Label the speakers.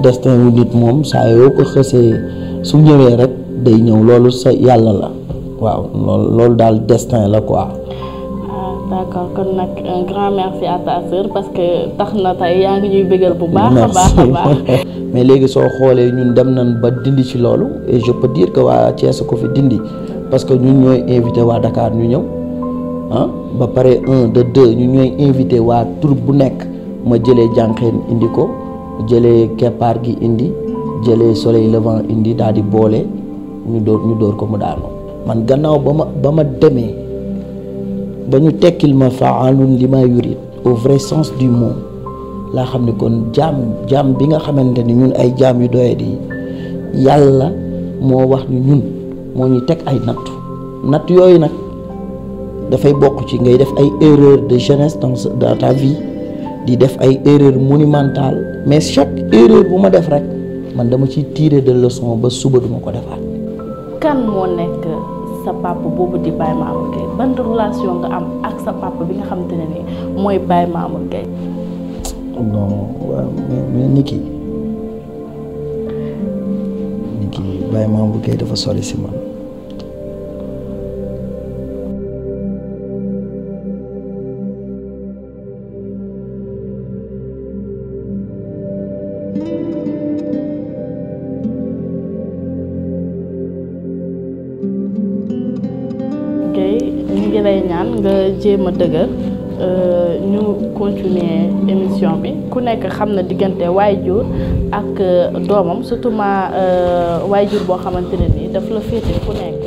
Speaker 1: destin wu nit moom saa yoo ko xësee su ñëwee rek day ñëw loolu sa yàlla la waaw loolu daal destin la quoi.
Speaker 2: Ah, parce que tax na tey yaa ngi ñuy bégal bu baax a baax a baax
Speaker 1: mais léegi soo xoolee ñun dem nañ ba dindi ci loolu et je peux dire que waa Thiès ko fi dindi parce que ñu ñooy invité waa Dakar ñu ñëw ah ba pare un de deux ñun ñooy invité waa tur bu nekk ma jëlee jànqeen indi ko suis képar gi indi jëlee soleil levant indi daal di boole ñu nous ñu door ko man gannaaw ba ma ba ma demee ba ñu tekkil au vrai sens du mot la xam ne kon jam jam bi nga xamante ni ñun ay jaam yu doyadi di wax ni ñun ay natt natt yooyu nag dafay bokk erreur de jeunesse dans ta vie di def ay erreur monumental mais chaque erreur buma def rek man dama ci tirer de leçon ba suba duma ko defat
Speaker 2: kan mo nek sa papa bobu di Baye Mamour Gueye ban relation nga am ak sa papa bi nga xamante ne nii mooy Baye Mamour Gueye
Speaker 1: non waaw mais Niki Niki Baye Mamour Gueye dafa sori ci man
Speaker 2: ngi lay ñaan nga jéem a dëgër euh, ñu continuer émission bi ku nekk xam na diggante waajur ak euh, doomam surtout ma euh, waajur boo xamante ne nii daf la féete ku nekk.